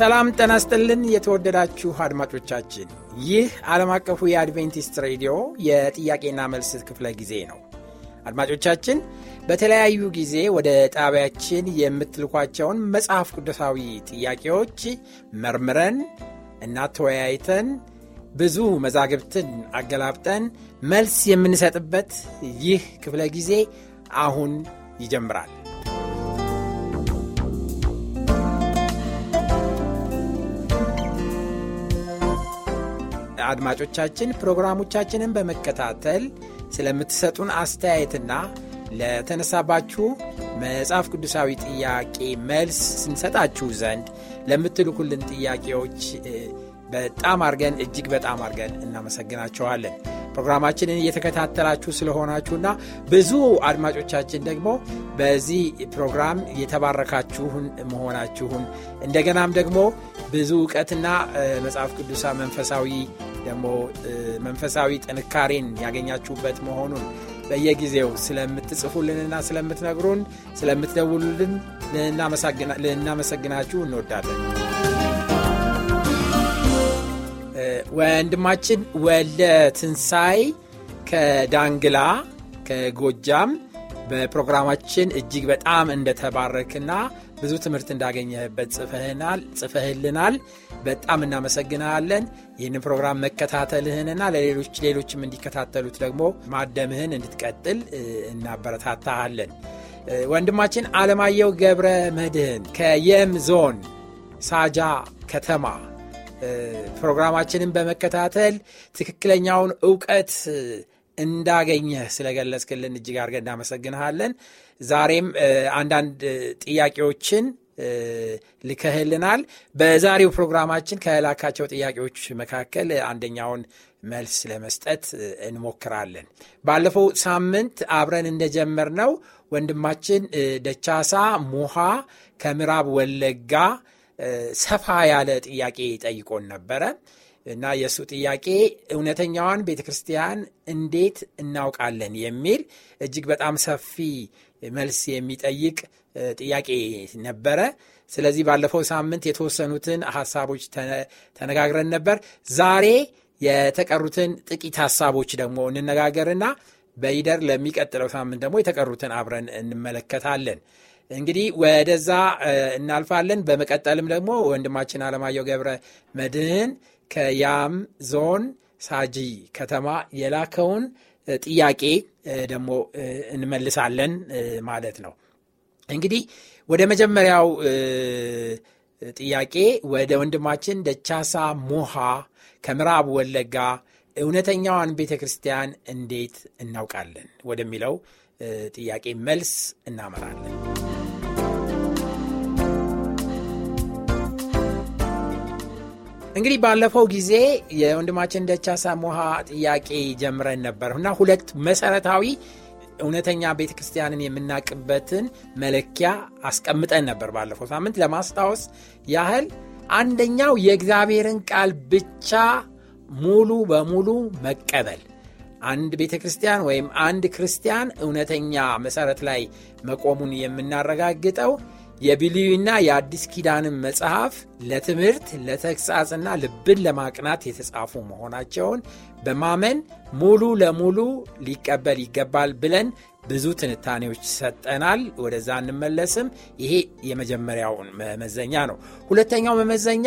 ሰላም ጠናስጥልን የተወደዳችሁ አድማጮቻችን፣ ይህ ዓለም አቀፉ የአድቬንቲስት ሬዲዮ የጥያቄና መልስ ክፍለ ጊዜ ነው። አድማጮቻችን በተለያዩ ጊዜ ወደ ጣቢያችን የምትልኳቸውን መጽሐፍ ቅዱሳዊ ጥያቄዎች መርምረን እና ተወያይተን ብዙ መዛግብትን አገላብጠን መልስ የምንሰጥበት ይህ ክፍለ ጊዜ አሁን ይጀምራል። አድማጮቻችን ፕሮግራሞቻችንን በመከታተል ስለምትሰጡን አስተያየትና ለተነሳባችሁ መጽሐፍ ቅዱሳዊ ጥያቄ መልስ ስንሰጣችሁ ዘንድ ለምትልኩልን ጥያቄዎች በጣም አርገን እጅግ በጣም አርገን እናመሰግናቸዋለን። ፕሮግራማችንን እየተከታተላችሁ ስለሆናችሁና ብዙ አድማጮቻችን ደግሞ በዚህ ፕሮግራም የተባረካችሁን መሆናችሁን እንደገናም ደግሞ ብዙ እውቀትና መጽሐፍ ቅዱሳ መንፈሳዊ ደግሞ መንፈሳዊ ጥንካሬን ያገኛችሁበት መሆኑን በየጊዜው ስለምትጽፉልንና ስለምትነግሩን ስለምትደውሉልን ልናመሰግናችሁ እንወዳለን። ወንድማችን ወለ ትንሣይ ከዳንግላ ከጎጃም በፕሮግራማችን እጅግ በጣም እንደተባረክና ብዙ ትምህርት እንዳገኘህበት ጽፈህናል ጽፈህልናል። በጣም እናመሰግናለን። ይህንን ፕሮግራም መከታተልህንና ለሌሎች ሌሎችም እንዲከታተሉት ደግሞ ማደምህን እንድትቀጥል እናበረታታሃለን። ወንድማችን አለማየሁ ገብረ መድህን ከየም ዞን ሳጃ ከተማ ፕሮግራማችንን በመከታተል ትክክለኛውን እውቀት እንዳገኘህ ስለገለጽክልን እጅግ አርገ እናመሰግንሃለን። ዛሬም አንዳንድ ጥያቄዎችን ልከህልናል። በዛሬው ፕሮግራማችን ከላካቸው ጥያቄዎች መካከል አንደኛውን መልስ ለመስጠት እንሞክራለን። ባለፈው ሳምንት አብረን እንደጀመር ነው ወንድማችን ደቻሳ ሙሃ ከምዕራብ ወለጋ ሰፋ ያለ ጥያቄ ጠይቆን ነበረ እና የእሱ ጥያቄ እውነተኛዋን ቤተ ክርስቲያን እንዴት እናውቃለን የሚል እጅግ በጣም ሰፊ መልስ የሚጠይቅ ጥያቄ ነበረ። ስለዚህ ባለፈው ሳምንት የተወሰኑትን ሀሳቦች ተነጋግረን ነበር። ዛሬ የተቀሩትን ጥቂት ሀሳቦች ደግሞ እንነጋገርና በይደር ለሚቀጥለው ሳምንት ደግሞ የተቀሩትን አብረን እንመለከታለን። እንግዲህ ወደዛ እናልፋለን። በመቀጠልም ደግሞ ወንድማችን አለማየሁ ገብረ መድህን ከያም ዞን ሳጂ ከተማ የላከውን ጥያቄ ደግሞ እንመልሳለን ማለት ነው። እንግዲህ ወደ መጀመሪያው ጥያቄ ወደ ወንድማችን ደቻሳ ሞሃ ከምዕራብ ወለጋ እውነተኛዋን ቤተ ክርስቲያን እንዴት እናውቃለን ወደሚለው ጥያቄ መልስ እናመራለን። እንግዲህ ባለፈው ጊዜ የወንድማችን ደቻ ሞሃ ጥያቄ ጀምረን ነበር እና ሁለት መሰረታዊ እውነተኛ ቤተ ክርስቲያንን የምናቅበትን መለኪያ አስቀምጠን ነበር ባለፈው ሳምንት። ለማስታወስ ያህል አንደኛው የእግዚአብሔርን ቃል ብቻ ሙሉ በሙሉ መቀበል። አንድ ቤተ ክርስቲያን ወይም አንድ ክርስቲያን እውነተኛ መሰረት ላይ መቆሙን የምናረጋግጠው የብሉይና የአዲስ ኪዳንን መጽሐፍ ለትምህርት ለተግሣጽና ልብን ለማቅናት የተጻፉ መሆናቸውን በማመን ሙሉ ለሙሉ ሊቀበል ይገባል ብለን ብዙ ትንታኔዎች ሰጠናል። ወደዛ እንመለስም። ይሄ የመጀመሪያውን መመዘኛ ነው። ሁለተኛው መመዘኛ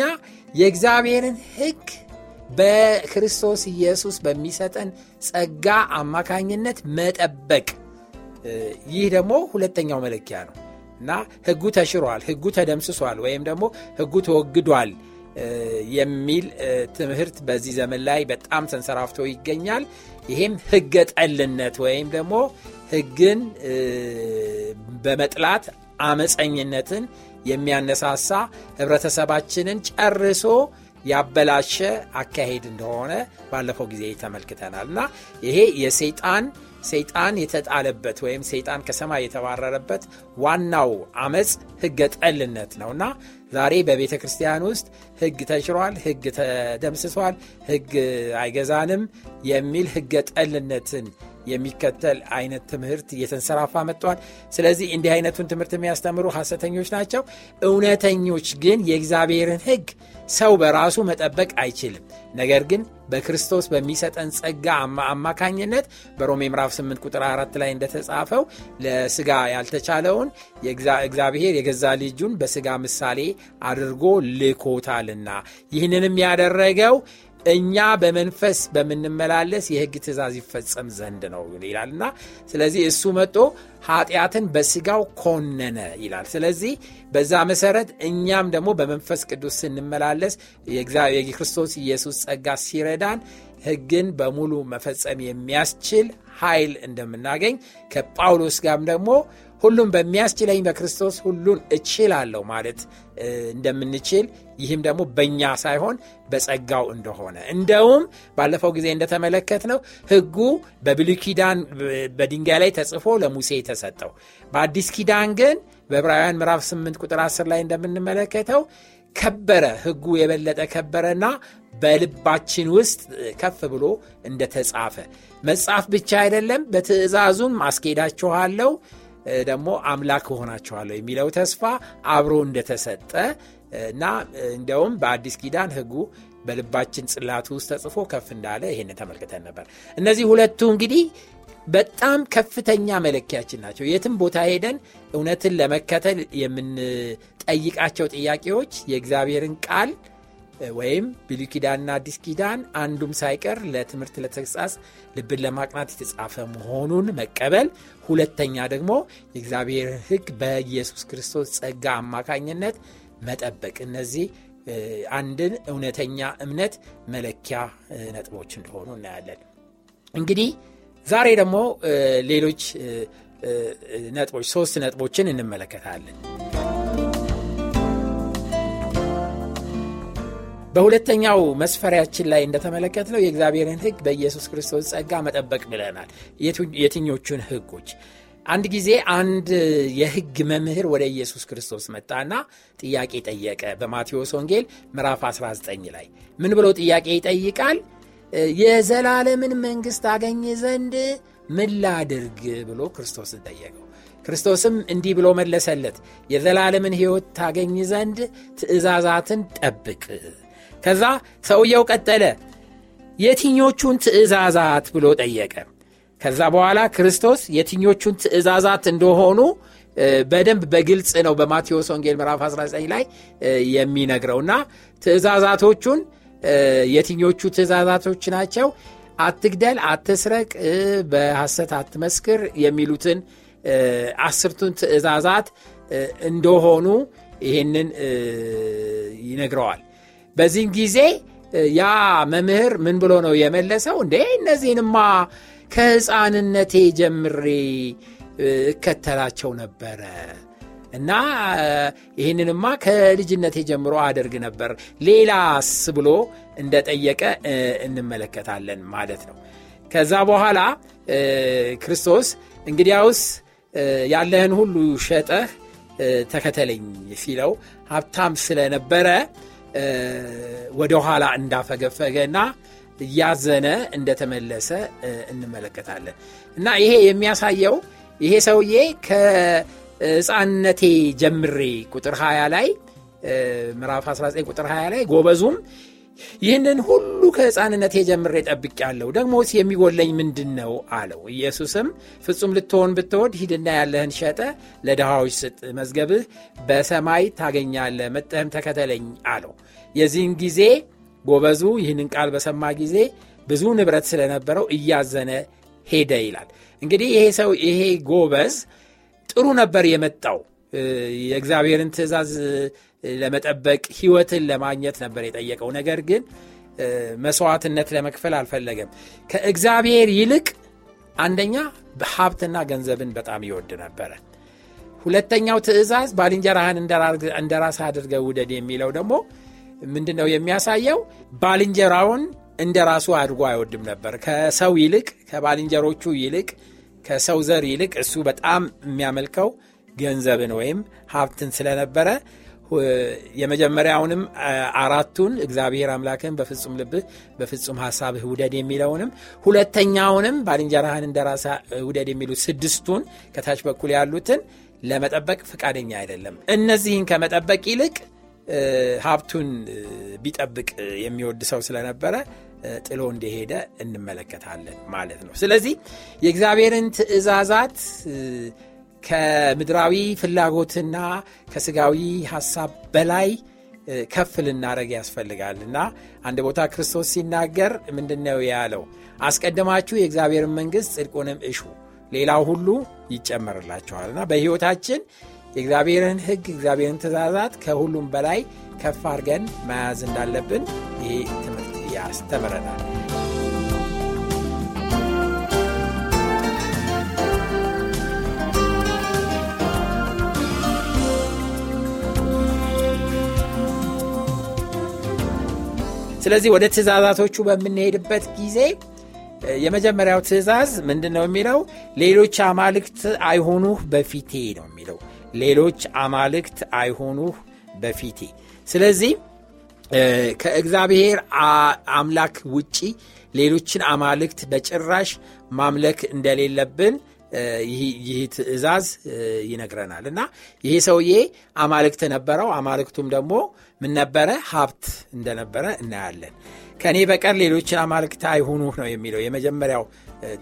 የእግዚአብሔርን ህግ በክርስቶስ ኢየሱስ በሚሰጠን ጸጋ አማካኝነት መጠበቅ። ይህ ደግሞ ሁለተኛው መለኪያ ነው። እና ህጉ ተሽሯል፣ ህጉ ተደምስሷል፣ ወይም ደግሞ ህጉ ተወግዷል የሚል ትምህርት በዚህ ዘመን ላይ በጣም ተንሰራፍቶ ይገኛል። ይህም ህገ ጠልነት ወይም ደግሞ ህግን በመጥላት አመፀኝነትን የሚያነሳሳ ህብረተሰባችንን ጨርሶ ያበላሸ አካሄድ እንደሆነ ባለፈው ጊዜ ተመልክተናል እና ይሄ የሰይጣን ሰይጣን የተጣለበት ወይም ሰይጣን ከሰማይ የተባረረበት ዋናው አመፅ ህገ ጠልነት ነውና ዛሬ በቤተ ክርስቲያን ውስጥ ህግ ተሽሯል፣ ህግ ተደምስሷል፣ ህግ አይገዛንም የሚል ህገ ጠልነትን የሚከተል አይነት ትምህርት እየተንሰራፋ መጥተዋል። ስለዚህ እንዲህ አይነቱን ትምህርት የሚያስተምሩ ሐሰተኞች ናቸው። እውነተኞች ግን የእግዚአብሔርን ህግ ሰው በራሱ መጠበቅ አይችልም። ነገር ግን በክርስቶስ በሚሰጠን ጸጋ አማካኝነት በሮሜ ምዕራፍ 8 ቁጥር 4 ላይ እንደተጻፈው ለስጋ ያልተቻለውን እግዚአብሔር የገዛ ልጁን በስጋ ምሳሌ አድርጎ ልኮታልና ይህንንም ያደረገው እኛ በመንፈስ በምንመላለስ የህግ ትእዛዝ ይፈጸም ዘንድ ነው ይላልና ስለዚህ እሱ መጦ ኃጢአትን በስጋው ኮነነ ይላል። ስለዚህ በዛ መሰረት እኛም ደግሞ በመንፈስ ቅዱስ ስንመላለስ የክርስቶስ ኢየሱስ ጸጋ ሲረዳን ህግን በሙሉ መፈጸም የሚያስችል ኃይል እንደምናገኝ ከጳውሎስ ጋርም ደግሞ ሁሉም በሚያስችለኝ በክርስቶስ ሁሉን እችላለሁ ማለት እንደምንችል ይህም ደግሞ በእኛ ሳይሆን በጸጋው እንደሆነ እንደውም ባለፈው ጊዜ እንደተመለከትነው ህጉ በብሉ ኪዳን በድንጋይ ላይ ተጽፎ ለሙሴ የተሰጠው በአዲስ ኪዳን ግን በዕብራውያን ምዕራፍ 8 ቁጥር 10 ላይ እንደምንመለከተው ከበረ ህጉ የበለጠ ከበረና በልባችን ውስጥ ከፍ ብሎ እንደተጻፈ መጽሐፍ ብቻ አይደለም፣ በትእዛዙም አስኬዳችኋለሁ ደግሞ አምላክ ሆናችኋለሁ የሚለው ተስፋ አብሮ እንደተሰጠ እና እንደውም በአዲስ ኪዳን ህጉ በልባችን ጽላቱ ውስጥ ተጽፎ ከፍ እንዳለ ይሄንን ተመልክተን ነበር። እነዚህ ሁለቱ እንግዲህ በጣም ከፍተኛ መለኪያችን ናቸው። የትም ቦታ ሄደን እውነትን ለመከተል የምንጠይቃቸው ጥያቄዎች የእግዚአብሔርን ቃል ወይም ብሉይ ኪዳንና አዲስ ኪዳን አንዱም ሳይቀር ለትምህርት ለተግጻጽ ልብን ለማቅናት የተጻፈ መሆኑን መቀበል፣ ሁለተኛ ደግሞ የእግዚአብሔር ህግ በኢየሱስ ክርስቶስ ጸጋ አማካኝነት መጠበቅ። እነዚህ አንድን እውነተኛ እምነት መለኪያ ነጥቦች እንደሆኑ እናያለን። እንግዲህ ዛሬ ደግሞ ሌሎች ነጥቦች ሶስት ነጥቦችን እንመለከታለን። በሁለተኛው መስፈሪያችን ላይ እንደተመለከትነው የእግዚአብሔርን ህግ በኢየሱስ ክርስቶስ ጸጋ መጠበቅ ብለናል። የትኞቹን ህጎች አንድ ጊዜ አንድ የህግ መምህር ወደ ኢየሱስ ክርስቶስ መጣና ጥያቄ ጠየቀ። በማቴዎስ ወንጌል ምዕራፍ 19 ላይ ምን ብሎ ጥያቄ ይጠይቃል? የዘላለምን መንግስት አገኝ ዘንድ ምን ላድርግ ብሎ ክርስቶስን ጠየቀው። ክርስቶስም እንዲህ ብሎ መለሰለት፣ የዘላለምን ሕይወት ታገኝ ዘንድ ትእዛዛትን ጠብቅ ከዛ ሰውየው ቀጠለ የትኞቹን ትእዛዛት ብሎ ጠየቀ ከዛ በኋላ ክርስቶስ የትኞቹን ትእዛዛት እንደሆኑ በደንብ በግልጽ ነው በማቴዎስ ወንጌል ምዕራፍ 19 ላይ የሚነግረውና ትእዛዛቶቹን የትኞቹ ትእዛዛቶች ናቸው አትግደል አትስረቅ በሐሰት አትመስክር የሚሉትን አስርቱን ትእዛዛት እንደሆኑ ይህንን ይነግረዋል በዚህም ጊዜ ያ መምህር ምን ብሎ ነው የመለሰው? እንዴ እነዚህንማ ከሕፃንነቴ ጀምሬ እከተላቸው ነበረ እና ይህንንማ ከልጅነቴ ጀምሮ አደርግ ነበር፣ ሌላስ ብሎ እንደጠየቀ እንመለከታለን ማለት ነው። ከዛ በኋላ ክርስቶስ እንግዲያውስ ያለህን ሁሉ ሸጠህ ተከተለኝ ሲለው ሀብታም ስለነበረ ወደ ኋላ እንዳፈገፈገና እያዘነ እንደተመለሰ እንመለከታለን። እና ይሄ የሚያሳየው ይሄ ሰውዬ ከህፃንነቴ ጀምሬ ቁጥር 20 ላይ ምዕራፍ 19 ቁጥር 20 ላይ ጎበዙም ይህንን ሁሉ ከሕፃንነት ከሕፃንነቴ ጀምሬ ጠብቄአለሁ፣ ደግሞስ የሚጎለኝ ምንድን ነው አለው። ኢየሱስም ፍጹም ልትሆን ብትወድ ሂድና ያለህን ሸጠ ለድሃዎች ስጥ፣ መዝገብህ በሰማይ ታገኛለ መጠህም ተከተለኝ አለው። የዚህን ጊዜ ጎበዙ ይህንን ቃል በሰማ ጊዜ ብዙ ንብረት ስለነበረው እያዘነ ሄደ ይላል። እንግዲህ ይሄ ሰው ይሄ ጎበዝ ጥሩ ነበር የመጣው የእግዚአብሔርን ትእዛዝ ለመጠበቅ ህይወትን ለማግኘት ነበር የጠየቀው። ነገር ግን መስዋዕትነት ለመክፈል አልፈለገም። ከእግዚአብሔር ይልቅ አንደኛ ሀብትና ገንዘብን በጣም ይወድ ነበረ። ሁለተኛው ትእዛዝ ባልንጀራህን እንደ አድርገ አድርገህ ውደድ የሚለው ደግሞ ምንድን ነው የሚያሳየው? ባልንጀራውን እንደ ራሱ አድርጎ አይወድም ነበር። ከሰው ይልቅ ከባልንጀሮቹ ይልቅ ከሰው ዘር ይልቅ እሱ በጣም የሚያመልከው ገንዘብን ወይም ሀብትን ስለነበረ የመጀመሪያውንም አራቱን እግዚአብሔር አምላክን በፍጹም ልብህ በፍጹም ሀሳብህ ውደድ የሚለውንም ሁለተኛውንም ባልንጀራህን እንደ ራስህ ውደድ የሚሉት ስድስቱን ከታች በኩል ያሉትን ለመጠበቅ ፈቃደኛ አይደለም። እነዚህን ከመጠበቅ ይልቅ ሀብቱን ቢጠብቅ የሚወድ ሰው ስለነበረ ጥሎ እንደሄደ እንመለከታለን ማለት ነው። ስለዚህ የእግዚአብሔርን ትእዛዛት ከምድራዊ ፍላጎትና ከስጋዊ ሐሳብ በላይ ከፍ ልናደረግ ያስፈልጋል እና አንድ ቦታ ክርስቶስ ሲናገር ምንድነው ያለው? አስቀድማችሁ የእግዚአብሔርን መንግሥት ጽድቁንም እሹ ሌላው ሁሉ ይጨመርላችኋል። እና በሕይወታችን የእግዚአብሔርን ሕግ እግዚአብሔርን ትእዛዛት ከሁሉም በላይ ከፍ አድርገን መያዝ እንዳለብን ይህ ትምህርት ያስተምረናል። ስለዚህ ወደ ትእዛዛቶቹ በምንሄድበት ጊዜ የመጀመሪያው ትእዛዝ ምንድን ነው የሚለው? ሌሎች አማልክት አይሆኑህ በፊቴ ነው የሚለው። ሌሎች አማልክት አይሆኑህ በፊቴ። ስለዚህ ከእግዚአብሔር አምላክ ውጪ ሌሎችን አማልክት በጭራሽ ማምለክ እንደሌለብን ይህ ትእዛዝ ይነግረናል እና ይህ ሰውዬ አማልክት ነበረው። አማልክቱም ደግሞ ምን ነበረ? ሀብት እንደነበረ እናያለን። ከእኔ በቀር ሌሎችን አማልክት አይሁኑ ነው የሚለው የመጀመሪያው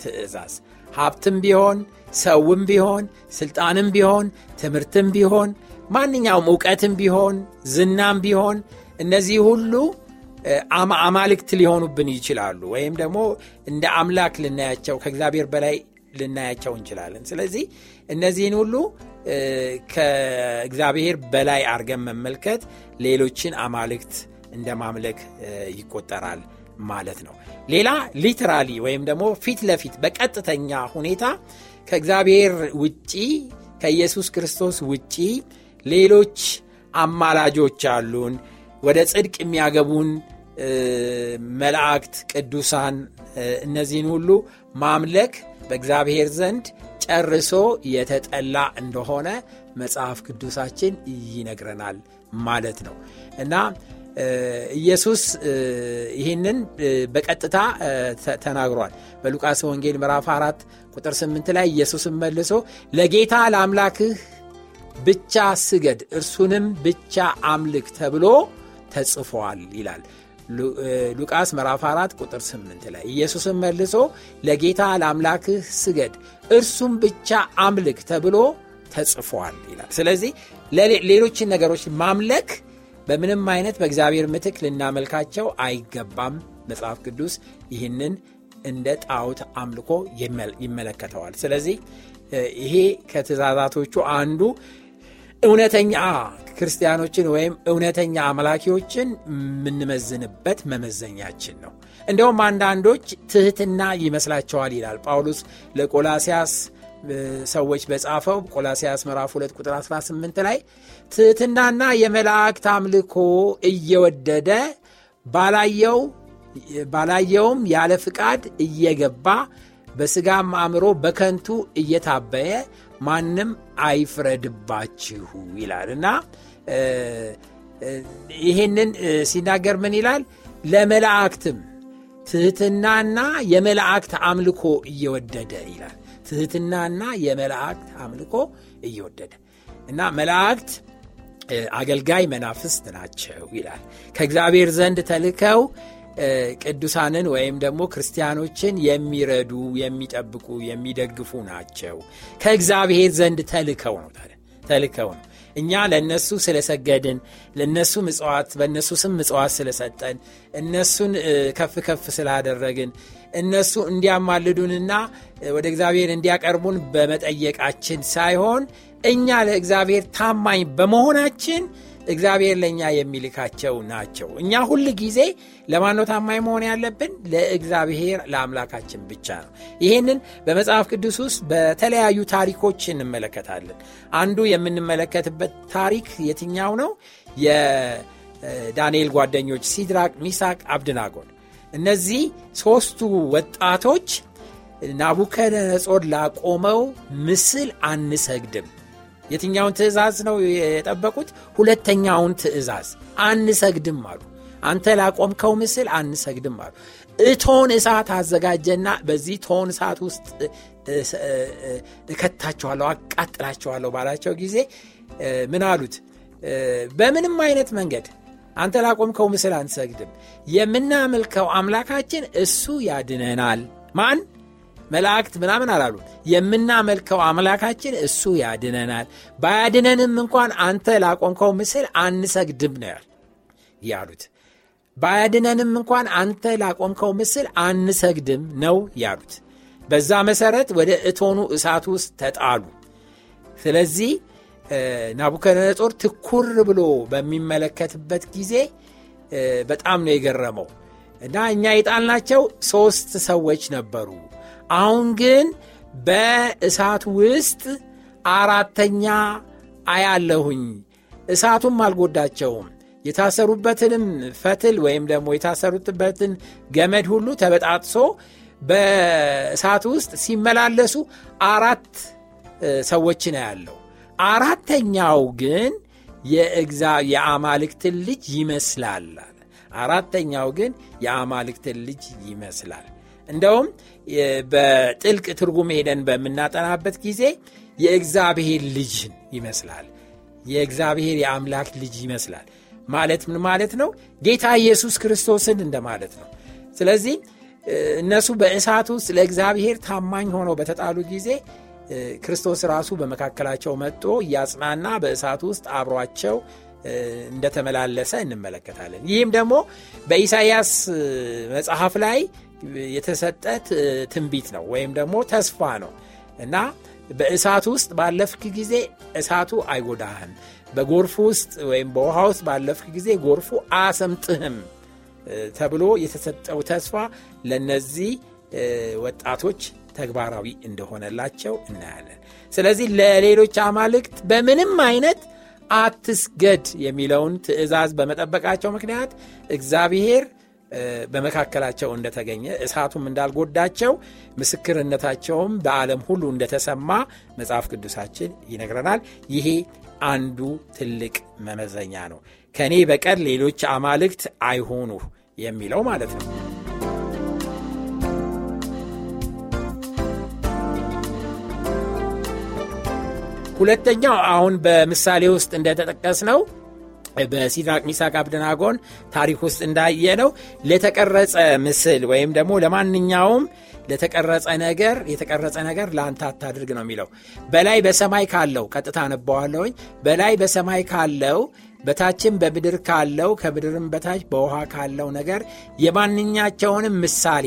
ትእዛዝ። ሀብትም ቢሆን ሰውም ቢሆን ስልጣንም ቢሆን ትምህርትም ቢሆን ማንኛውም እውቀትም ቢሆን ዝናም ቢሆን እነዚህ ሁሉ አማልክት ሊሆኑብን ይችላሉ፣ ወይም ደግሞ እንደ አምላክ ልናያቸው ከእግዚአብሔር በላይ ልናያቸው እንችላለን። ስለዚህ እነዚህን ሁሉ ከእግዚአብሔር በላይ አድርገን መመልከት ሌሎችን አማልክት እንደ ማምለክ ይቆጠራል ማለት ነው። ሌላ ሊትራሊ ወይም ደግሞ ፊት ለፊት በቀጥተኛ ሁኔታ ከእግዚአብሔር ውጪ ከኢየሱስ ክርስቶስ ውጪ ሌሎች አማላጆች አሉን፣ ወደ ጽድቅ የሚያገቡን መላእክት፣ ቅዱሳን እነዚህን ሁሉ ማምለክ በእግዚአብሔር ዘንድ ጨርሶ የተጠላ እንደሆነ መጽሐፍ ቅዱሳችን ይነግረናል ማለት ነው እና ኢየሱስ ይህንን በቀጥታ ተናግሯል። በሉቃስ ወንጌል ምዕራፍ 4 ቁጥር 8 ላይ ኢየሱስን መልሶ ለጌታ ለአምላክህ ብቻ ስገድ፣ እርሱንም ብቻ አምልክ ተብሎ ተጽፏል ይላል። ሉቃስ ምዕራፍ 4 ቁጥር 8 ላይ ኢየሱስም መልሶ ለጌታ ለአምላክህ ስገድ እርሱም ብቻ አምልክ ተብሎ ተጽፏል ይላል። ስለዚህ ሌሎችን ነገሮች ማምለክ በምንም አይነት በእግዚአብሔር ምትክ ልናመልካቸው አይገባም። መጽሐፍ ቅዱስ ይህንን እንደ ጣውት አምልኮ ይመለከተዋል። ስለዚህ ይሄ ከትእዛዛቶቹ አንዱ እውነተኛ ክርስቲያኖችን ወይም እውነተኛ አምላኪዎችን የምንመዝንበት መመዘኛችን ነው። እንደውም አንዳንዶች ትህትና ይመስላቸዋል ይላል ጳውሎስ ለቆላሲያስ ሰዎች በጻፈው ቆላሲያስ ምዕራፍ 2 ቁጥር 18 ላይ ትህትናና የመላእክት አምልኮ እየወደደ ባላየው ባላየውም ያለ ፍቃድ እየገባ በስጋም አእምሮ በከንቱ እየታበየ ማንም አይፍረድባችሁ ይላል እና ይህንን ሲናገር ምን ይላል? ለመላእክትም ትህትናና የመላእክት አምልኮ እየወደደ ይላል። ትህትናና የመላእክት አምልኮ እየወደደ እና መላእክት አገልጋይ መናፍስት ናቸው ይላል። ከእግዚአብሔር ዘንድ ተልከው ቅዱሳንን ወይም ደግሞ ክርስቲያኖችን የሚረዱ የሚጠብቁ፣ የሚደግፉ ናቸው። ከእግዚአብሔር ዘንድ ተልከው ነው ተልከው ነው። እኛ ለእነሱ ስለሰገድን ለእነሱ ምጽዋት በእነሱ ስም ምጽዋት ስለሰጠን እነሱን ከፍ ከፍ ስላደረግን እነሱ እንዲያማልዱንና ወደ እግዚአብሔር እንዲያቀርቡን በመጠየቃችን ሳይሆን እኛ ለእግዚአብሔር ታማኝ በመሆናችን እግዚአብሔር ለእኛ የሚልካቸው ናቸው። እኛ ሁል ጊዜ ለማን ታማኝ መሆን ያለብን? ለእግዚአብሔር ለአምላካችን ብቻ ነው። ይህንን በመጽሐፍ ቅዱስ ውስጥ በተለያዩ ታሪኮች እንመለከታለን። አንዱ የምንመለከትበት ታሪክ የትኛው ነው? የዳንኤል ጓደኞች ሲድራቅ፣ ሚሳቅ፣ አብድናጎን እነዚህ ሦስቱ ወጣቶች ናቡከደነጾር ላቆመው ምስል አንሰግድም የትኛውን ትእዛዝ ነው የጠበቁት? ሁለተኛውን ትእዛዝ አንሰግድም አሉ። አንተ ላቆምከው ምስል አንሰግድም አሉ። እቶን እሳት አዘጋጀና በዚህ ቶን እሳት ውስጥ እከታቸዋለሁ፣ አቃጥላቸዋለሁ ባላቸው ጊዜ ምን አሉት? በምንም አይነት መንገድ አንተ ላቆምከው ምስል አንሰግድም። የምናመልከው አምላካችን እሱ ያድነናል። ማን መላእክት ምናምን አላሉ። የምናመልከው አምላካችን እሱ ያድነናል። ባያድነንም እንኳን አንተ ላቆምከው ምስል አንሰግድም ነው ያሉት። ባያድነንም እንኳን አንተ ላቆምከው ምስል አንሰግድም ነው ያሉት። በዛ መሰረት ወደ እቶኑ እሳት ውስጥ ተጣሉ። ስለዚህ ናቡከነጦር ትኩር ብሎ በሚመለከትበት ጊዜ በጣም ነው የገረመው እና እኛ የጣልናቸው ሶስት ሰዎች ነበሩ አሁን ግን በእሳት ውስጥ አራተኛ አያለሁኝ። እሳቱም አልጎዳቸውም፣ የታሰሩበትንም ፈትል ወይም ደግሞ የታሰሩበትን ገመድ ሁሉ ተበጣጥሶ በእሳት ውስጥ ሲመላለሱ አራት ሰዎች ነው ያለው። አራተኛው ግን የአማልክትን ልጅ ይመስላል። አራተኛው ግን የአማልክትን ልጅ ይመስላል። እንደውም በጥልቅ ትርጉም ሄደን በምናጠናበት ጊዜ የእግዚአብሔር ልጅን ይመስላል። የእግዚአብሔር የአምላክ ልጅ ይመስላል ማለት ምን ማለት ነው? ጌታ ኢየሱስ ክርስቶስን እንደማለት ነው። ስለዚህ እነሱ በእሳት ውስጥ ለእግዚአብሔር ታማኝ ሆነው በተጣሉ ጊዜ ክርስቶስ ራሱ በመካከላቸው መጥቶ እያጽናና በእሳት ውስጥ አብሯቸው እንደተመላለሰ እንመለከታለን። ይህም ደግሞ በኢሳይያስ መጽሐፍ ላይ የተሰጠ ትንቢት ነው ወይም ደግሞ ተስፋ ነው እና በእሳት ውስጥ ባለፍክ ጊዜ እሳቱ አይጎዳህም፣ በጎርፍ ውስጥ ወይም በውሃ ውስጥ ባለፍክ ጊዜ ጎርፉ አያሰምጥህም ተብሎ የተሰጠው ተስፋ ለነዚህ ወጣቶች ተግባራዊ እንደሆነላቸው እናያለን። ስለዚህ ለሌሎች አማልክት በምንም አይነት አትስገድ የሚለውን ትእዛዝ በመጠበቃቸው ምክንያት እግዚአብሔር በመካከላቸው እንደተገኘ እሳቱም እንዳልጎዳቸው ምስክርነታቸውም በዓለም ሁሉ እንደተሰማ መጽሐፍ ቅዱሳችን ይነግረናል። ይሄ አንዱ ትልቅ መመዘኛ ነው። ከእኔ በቀር ሌሎች አማልክት አይሆኑ የሚለው ማለት ነው። ሁለተኛው አሁን በምሳሌ ውስጥ እንደተጠቀስ ነው በሲድራቅ ሚሳቅ አብደናጎን ታሪክ ውስጥ እንዳየነው ለተቀረጸ ምስል ወይም ደግሞ ለማንኛውም ለተቀረጸ ነገር የተቀረጸ ነገር ለአንተ አታድርግ ነው የሚለው። በላይ በሰማይ ካለው ቀጥታ አነበዋለሁኝ። በላይ በሰማይ ካለው በታችም በምድር ካለው ከምድርም በታች በውሃ ካለው ነገር የማንኛቸውንም ምሳሌ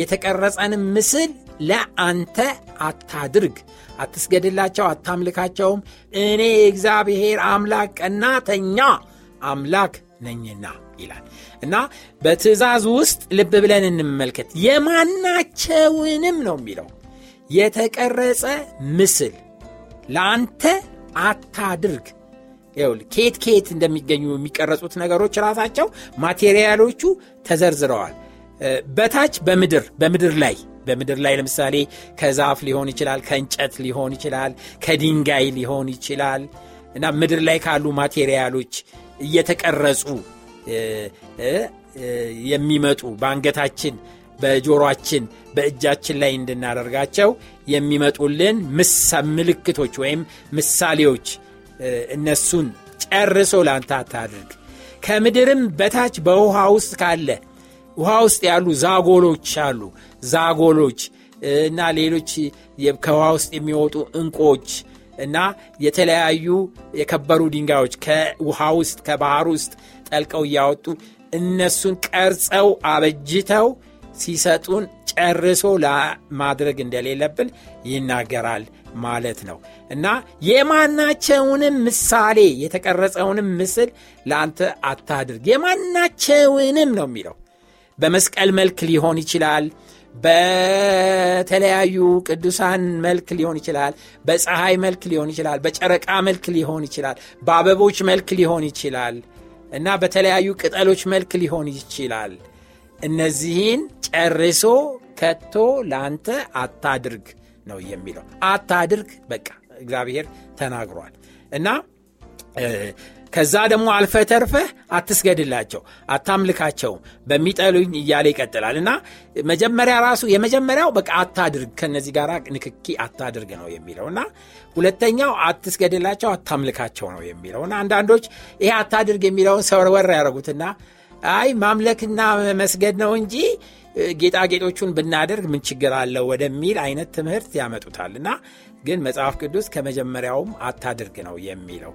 የተቀረጸንም ምስል ለአንተ አታድርግ፣ አትስገድላቸው፣ አታምልካቸውም፣ እኔ የእግዚአብሔር አምላክ ቀናተኛ አምላክ ነኝና ይላል እና በትእዛዝ ውስጥ ልብ ብለን እንመልከት። የማናቸውንም ነው የሚለው የተቀረጸ ምስል ለአንተ አታድርግ። ይውል ኬት ኬት እንደሚገኙ የሚቀረጹት ነገሮች ራሳቸው ማቴሪያሎቹ ተዘርዝረዋል። በታች በምድር በምድር ላይ በምድር ላይ ለምሳሌ ከዛፍ ሊሆን ይችላል፣ ከእንጨት ሊሆን ይችላል፣ ከድንጋይ ሊሆን ይችላል እና ምድር ላይ ካሉ ማቴሪያሎች እየተቀረጹ የሚመጡ በአንገታችን፣ በጆሮችን በእጃችን ላይ እንድናደርጋቸው የሚመጡልን ምልክቶች ወይም ምሳሌዎች እነሱን ጨርሶ ላንተ አታድርግ። ከምድርም በታች በውሃ ውስጥ ካለ ውሃ ውስጥ ያሉ ዛጎሎች አሉ። ዛጎሎች እና ሌሎች ከውሃ ውስጥ የሚወጡ እንቆች እና የተለያዩ የከበሩ ድንጋዮች ከውሃ ውስጥ ከባህር ውስጥ ጠልቀው እያወጡ እነሱን ቀርጸው አበጅተው ሲሰጡን ጨርሶ ለማድረግ እንደሌለብን ይናገራል ማለት ነው እና የማናቸውንም ምሳሌ የተቀረጸውንም ምስል ለአንተ አታድርግ። የማናቸውንም ነው የሚለው በመስቀል መልክ ሊሆን ይችላል። በተለያዩ ቅዱሳን መልክ ሊሆን ይችላል። በፀሐይ መልክ ሊሆን ይችላል። በጨረቃ መልክ ሊሆን ይችላል። በአበቦች መልክ ሊሆን ይችላል እና በተለያዩ ቅጠሎች መልክ ሊሆን ይችላል። እነዚህን ጨርሶ ከቶ ለአንተ አታድርግ ነው የሚለው። አታድርግ በቃ እግዚአብሔር ተናግሯል እና ከዛ ደግሞ አልፈ ተርፈህ አትስገድላቸው፣ አታምልካቸውም በሚጠሉኝ እያለ ይቀጥላል እና መጀመሪያ ራሱ የመጀመሪያው በቃ አታድርግ፣ ከነዚህ ጋር ንክኪ አታድርግ ነው የሚለው እና ሁለተኛው አትስገድላቸው፣ አታምልካቸው ነው የሚለው እና አንዳንዶች ይሄ አታድርግ የሚለውን ሰወርወር ያደረጉትና አይ ማምለክና መስገድ ነው እንጂ ጌጣጌጦቹን ብናደርግ ምን ችግር አለው ወደሚል አይነት ትምህርት ያመጡታል እና ግን መጽሐፍ ቅዱስ ከመጀመሪያውም አታድርግ ነው የሚለው።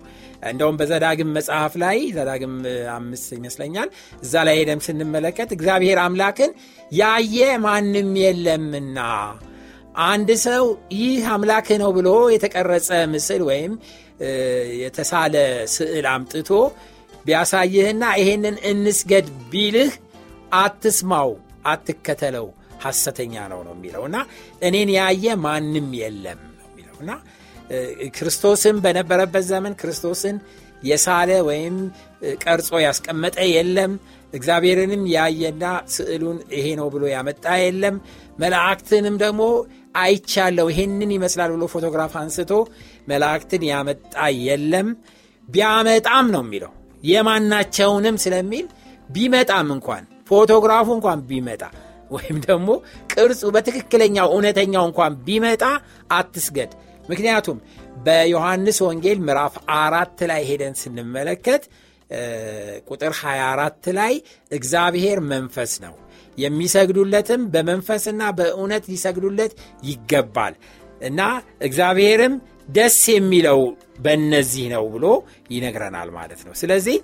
እንደውም በዘዳግም መጽሐፍ ላይ ዘዳግም አምስት ይመስለኛል እዛ ላይ ሄደም ስንመለከት እግዚአብሔር አምላክን ያየ ማንም የለምና አንድ ሰው ይህ አምላክ ነው ብሎ የተቀረጸ ምስል ወይም የተሳለ ስዕል አምጥቶ ቢያሳይህና ይሄንን እንስገድ ቢልህ አትስማው፣ አትከተለው፣ ሐሰተኛ ነው ነው የሚለውና እኔን ያየ ማንም የለም ነው የሚለውና ክርስቶስን በነበረበት ዘመን ክርስቶስን የሳለ ወይም ቀርጾ ያስቀመጠ የለም። እግዚአብሔርንም ያየና ስዕሉን ይሄ ነው ብሎ ያመጣ የለም። መላእክትንም ደግሞ አይቻለው ይሄንን ይመስላል ብሎ ፎቶግራፍ አንስቶ መላእክትን ያመጣ የለም። ቢያመጣም ነው የሚለው የማናቸውንም ስለሚል ቢመጣም እንኳን ፎቶግራፉ እንኳን ቢመጣ ወይም ደግሞ ቅርጹ በትክክለኛው እውነተኛው እንኳን ቢመጣ አትስገድ። ምክንያቱም በዮሐንስ ወንጌል ምዕራፍ አራት ላይ ሄደን ስንመለከት ቁጥር 24 ላይ እግዚአብሔር መንፈስ ነው፣ የሚሰግዱለትም በመንፈስና በእውነት ሊሰግዱለት ይገባል እና እግዚአብሔርም ደስ የሚለው በእነዚህ ነው ብሎ ይነግረናል ማለት ነው። ስለዚህ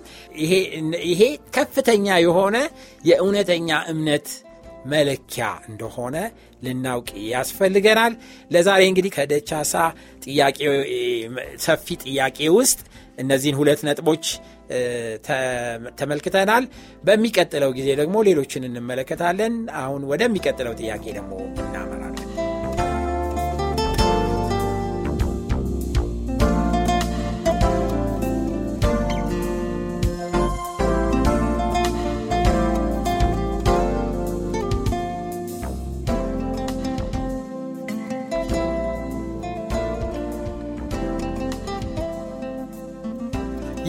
ይሄ ከፍተኛ የሆነ የእውነተኛ እምነት መለኪያ እንደሆነ ልናውቅ ያስፈልገናል። ለዛሬ እንግዲህ ከደቻሳ ጥያቄ ሰፊ ጥያቄ ውስጥ እነዚህን ሁለት ነጥቦች ተመልክተናል። በሚቀጥለው ጊዜ ደግሞ ሌሎችን እንመለከታለን። አሁን ወደሚቀጥለው ጥያቄ ደግሞ እናመራል።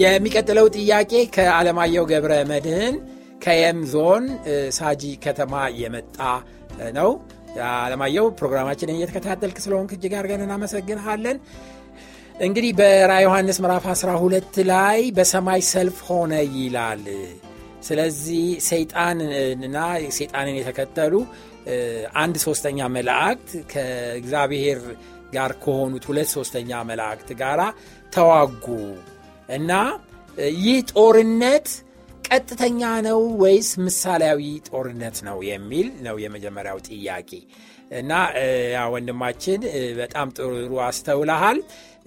የሚቀጥለው ጥያቄ ከአለማየሁ ገብረ መድህን ከየም ዞን ሳጂ ከተማ የመጣ ነው። አለማየሁ ፕሮግራማችንን እየተከታተልክ ስለሆንክ ጋር ገን እናመሰግንሃለን። እንግዲህ በራ ዮሐንስ ምዕራፍ 12 ላይ በሰማይ ሰልፍ ሆነ ይላል። ስለዚህ ሰይጣንና ሰይጣንን የተከተሉ አንድ ሶስተኛ መላእክት ከእግዚአብሔር ጋር ከሆኑት ሁለት ሶስተኛ መላእክት ጋር ተዋጉ እና ይህ ጦርነት ቀጥተኛ ነው ወይስ ምሳሌያዊ ጦርነት ነው የሚል ነው የመጀመሪያው ጥያቄ። እና ወንድማችን በጣም ጥሩ አስተውለሃል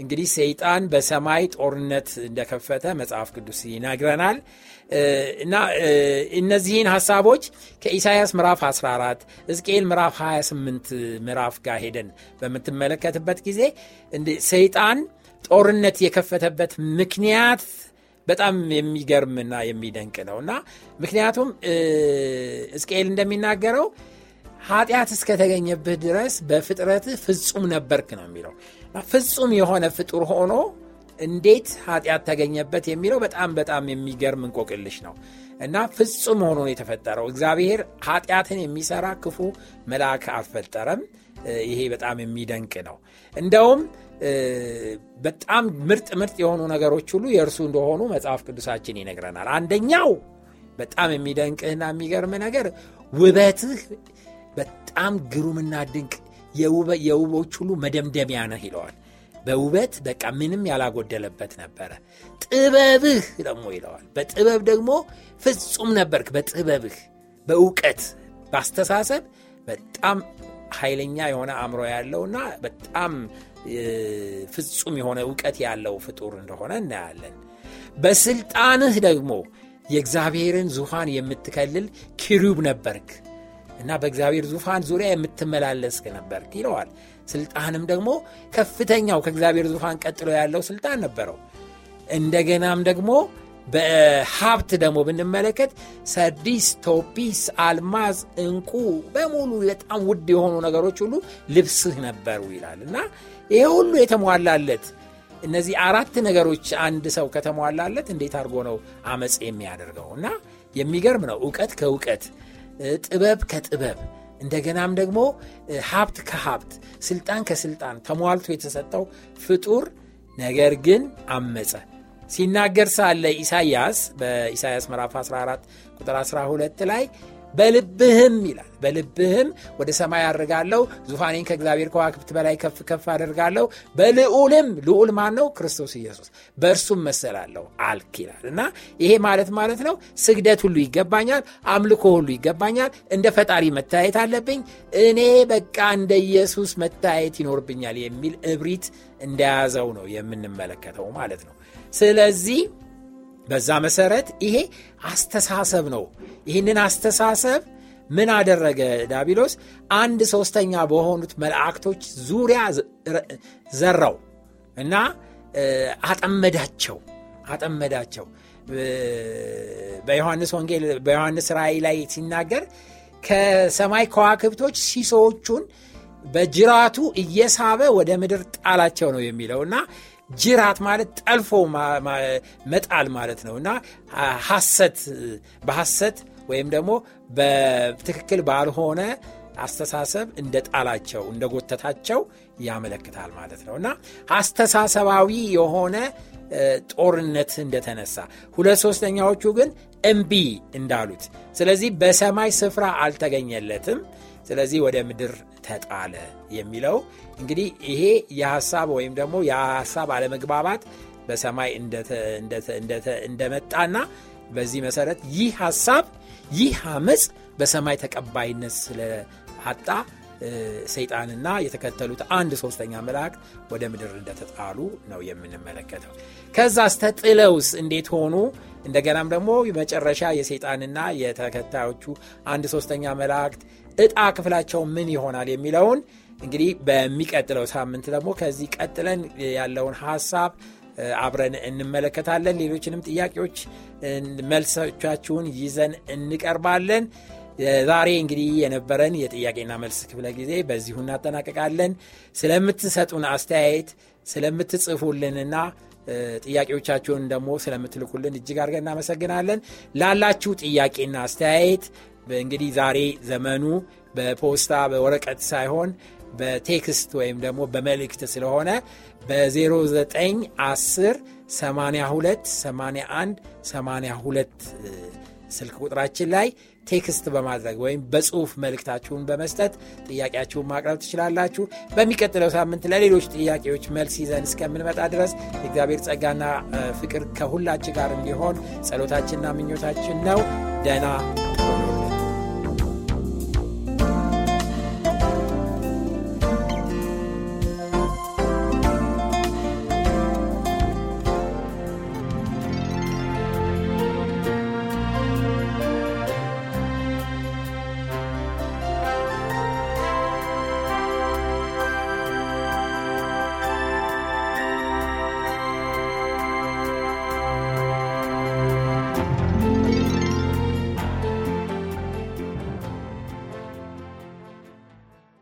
እንግዲህ ሰይጣን በሰማይ ጦርነት እንደከፈተ መጽሐፍ ቅዱስ ይነግረናል። እና እነዚህን ሀሳቦች ከኢሳያስ ምዕራፍ 14 እዝቅኤል ምዕራፍ 28 ምዕራፍ ጋር ሄደን በምትመለከትበት ጊዜ ሰይጣን ጦርነት የከፈተበት ምክንያት በጣም የሚገርምና የሚደንቅ ነው እና ምክንያቱም እስቅኤል እንደሚናገረው ኃጢአት እስከተገኘብህ ድረስ በፍጥረትህ ፍጹም ነበርክ ነው የሚለው ፍጹም የሆነ ፍጡር ሆኖ እንዴት ኃጢአት ተገኘበት የሚለው በጣም በጣም የሚገርም እንቆቅልሽ ነው እና ፍጹም ሆኖ የተፈጠረው። እግዚአብሔር ኃጢአትን የሚሰራ ክፉ መልአክ አልፈጠረም። ይሄ በጣም የሚደንቅ ነው። እንደውም በጣም ምርጥ ምርጥ የሆኑ ነገሮች ሁሉ የእርሱ እንደሆኑ መጽሐፍ ቅዱሳችን ይነግረናል። አንደኛው በጣም የሚደንቅህና የሚገርም ነገር ውበትህ በጣም ግሩምና ድንቅ የውቦች ሁሉ መደምደሚያ ነህ ይለዋል። በውበት በቃ ምንም ያላጎደለበት ነበረ። ጥበብህ ደግሞ ይለዋል። በጥበብ ደግሞ ፍጹም ነበርክ። በጥበብህ በእውቀት በአስተሳሰብ በጣም ኃይለኛ የሆነ አእምሮ ያለውና በጣም ፍጹም የሆነ እውቀት ያለው ፍጡር እንደሆነ እናያለን። በስልጣንህ ደግሞ የእግዚአብሔርን ዙፋን የምትከልል ኪሩብ ነበርክ እና በእግዚአብሔር ዙፋን ዙሪያ የምትመላለስክ ነበርክ ይለዋል። ስልጣንም ደግሞ ከፍተኛው ከእግዚአብሔር ዙፋን ቀጥሎ ያለው ስልጣን ነበረው። እንደገናም ደግሞ በሀብት ደግሞ ብንመለከት ሰርዲስ፣ ቶፒስ፣ አልማዝ፣ እንቁ በሙሉ በጣም ውድ የሆኑ ነገሮች ሁሉ ልብስህ ነበሩ ይላል እና ይሄ ሁሉ የተሟላለት እነዚህ አራት ነገሮች አንድ ሰው ከተሟላለት እንዴት አድርጎ ነው አመፅ የሚያደርገው? እና የሚገርም ነው። እውቀት ከእውቀት፣ ጥበብ ከጥበብ እንደገናም ደግሞ ሀብት ከሀብት፣ ስልጣን ከስልጣን ተሟልቶ የተሰጠው ፍጡር ነገር ግን አመፀ ሲናገር ሳለ ኢሳይያስ በኢሳይያስ ምዕራፍ 14 ቁጥር 12 ላይ በልብህም ይላል በልብህም ወደ ሰማይ አድርጋለሁ፣ ዙፋኔን ከእግዚአብሔር ከዋክብት በላይ ከፍ ከፍ አደርጋለሁ፣ በልዑልም ልዑል ማን ነው? ክርስቶስ ኢየሱስ በእርሱም መሰላለሁ አልክ ይላል እና ይሄ ማለት ማለት ነው ስግደት ሁሉ ይገባኛል፣ አምልኮ ሁሉ ይገባኛል። እንደ ፈጣሪ መታየት አለብኝ። እኔ በቃ እንደ ኢየሱስ መታየት ይኖርብኛል የሚል እብሪት እንደያዘው ነው የምንመለከተው ማለት ነው። ስለዚህ በዛ መሰረት ይሄ አስተሳሰብ ነው። ይህንን አስተሳሰብ ምን አደረገ ዳቢሎስ? አንድ ሶስተኛ በሆኑት መላእክቶች ዙሪያ ዘራው እና አጠመዳቸው አጠመዳቸው። በዮሐንስ ወንጌል በዮሐንስ ራእይ ላይ ሲናገር ከሰማይ ከዋክብቶች ሲሶዎቹን በጅራቱ እየሳበ ወደ ምድር ጣላቸው ነው የሚለው እና ጅራት ማለት ጠልፎ መጣል ማለት ነው እና ሐሰት በሐሰት ወይም ደግሞ በትክክል ባልሆነ አስተሳሰብ እንደ ጣላቸው እንደ ጎተታቸው ያመለክታል ማለት ነው እና አስተሳሰባዊ የሆነ ጦርነት እንደተነሳ ሁለት ሶስተኛዎቹ ግን እምቢ እንዳሉት ስለዚህ በሰማይ ስፍራ አልተገኘለትም ስለዚህ ወደ ምድር ተጣለ የሚለው እንግዲህ ይሄ የሀሳብ ወይም ደግሞ የሀሳብ አለመግባባት በሰማይ እንደመጣና በዚህ መሰረት ይህ ሀሳብ ይህ አመፅ በሰማይ ተቀባይነት ስለአጣ ሰይጣንና የተከተሉት አንድ ሶስተኛ መላእክት ወደ ምድር እንደተጣሉ ነው የምንመለከተው። ከዛ ስተጥለውስ እንዴት ሆኑ? እንደገናም ደግሞ መጨረሻ የሰይጣንና የተከታዮቹ አንድ ሶስተኛ መላእክት ዕጣ ክፍላቸው ምን ይሆናል የሚለውን እንግዲህ በሚቀጥለው ሳምንት ደግሞ ከዚህ ቀጥለን ያለውን ሀሳብ አብረን እንመለከታለን። ሌሎችንም ጥያቄዎች መልሶቻችሁን ይዘን እንቀርባለን። ዛሬ እንግዲህ የነበረን የጥያቄና መልስ ክፍለ ጊዜ በዚሁ እናጠናቀቃለን። ስለምትሰጡን አስተያየት ስለምትጽፉልንና ጥያቄዎቻችሁን ደግሞ ስለምትልኩልን እጅግ አድርገን እናመሰግናለን። ላላችሁ ጥያቄና አስተያየት እንግዲህ ዛሬ ዘመኑ በፖስታ በወረቀት ሳይሆን በቴክስት ወይም ደግሞ በመልእክት ስለሆነ በ0910 82 81 82 ስልክ ቁጥራችን ላይ ቴክስት በማድረግ ወይም በጽሁፍ መልእክታችሁን በመስጠት ጥያቄያችሁን ማቅረብ ትችላላችሁ። በሚቀጥለው ሳምንት ለሌሎች ጥያቄዎች መልስ ይዘን እስከምንመጣ ድረስ እግዚአብሔር ጸጋና ፍቅር ከሁላችን ጋር እንዲሆን ጸሎታችንና ምኞታችን ነው። ደህና